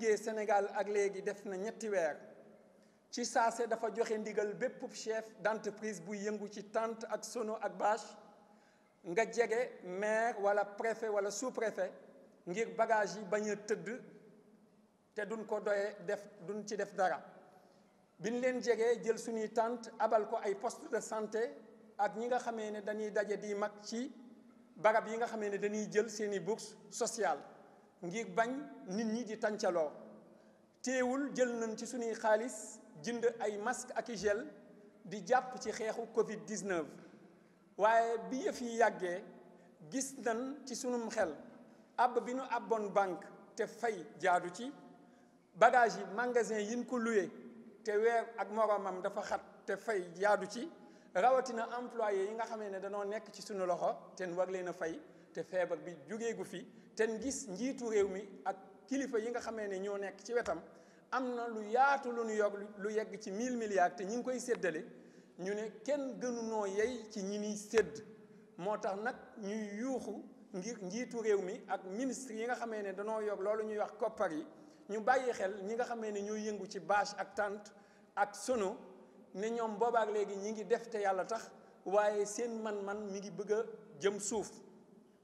duggee Sénégal ak léegi def na ñetti weer ci saase dafa joxe ndigal chef d'entreprise buy yëngu ci tante ak sono ak bâche nga jege maire wala préfet wala sous-préfet ngir bagage yi bañ te duñ ko def duñ ci def poste de santé ak ñi nga dañuy sociale ngir bañ nit ñi di tàncaloo teewul jël nañ ci suñuy xaalis jënd ay masque ak gel di jàpp ci xeexu Covid 19 waaye bi yëf yi yàggee gis nañ ci sunum xel àbb bi nu àbboon banque te fay jaadu ci bagage yi magasin yin ko luye te weer ak moroomam dafa xat te fay jaadu ci rawatina employé yi nga xam ne danoo nekk ci sunu loxo te war leen a fay. te feebar bi jugeegu fi ten gis njiitu réew mi ak kilifa yi nga xamee ne ñoo nekk ci wetam am na lu yaatu lu nu yog lu yegg ci mille milliards te ñi ngi koy séddale ñu ne kenn gënu noo yey ci ñi ni sédd moo tax nag ñuy yuuxu ngir njiitu réew mi ak ministre yi nga xamee ne danoo yog loolu ñuy wax koppar yi ñu bàyyi xel ñi nga xamee ne ñooy yëngu ci bâche ak tente ak sono ne ñoom boobaak léegi ñi ngi def te yàlla tax waaye seen man-man mi ngi bëgg a jëm suuf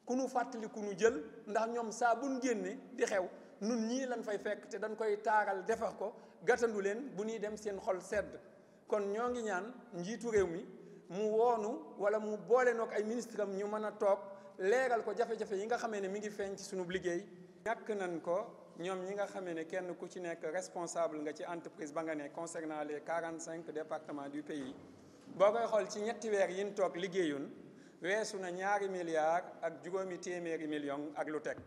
ku nu fàttali ku nu jël ndax ñoom saa bu nu génne di xew nun ñii lañ fay fekk te dañ koy taaral defar ko gàttandu leen bu ñuy dem seen xol sedd kon ñoo ngi ñaan njiitu réew mi mu woonu wala mu boole noog ay ministre am ñu mën a toog leeral ko jafe-jafe yi nga xamee ne mi ngi feeñ ci sunu liggéey. ñàkk nañ ko ñoom ñi nga xamee ne kenn ku ci nekk responsable nga ci entreprise ba nga ne concernant les quarante cinq départements du pays boo koy xool ci ñetti weer yi ñu toog liggéeyun weesu na ñaari milliards ak juróomi téeméeri million ak lu teg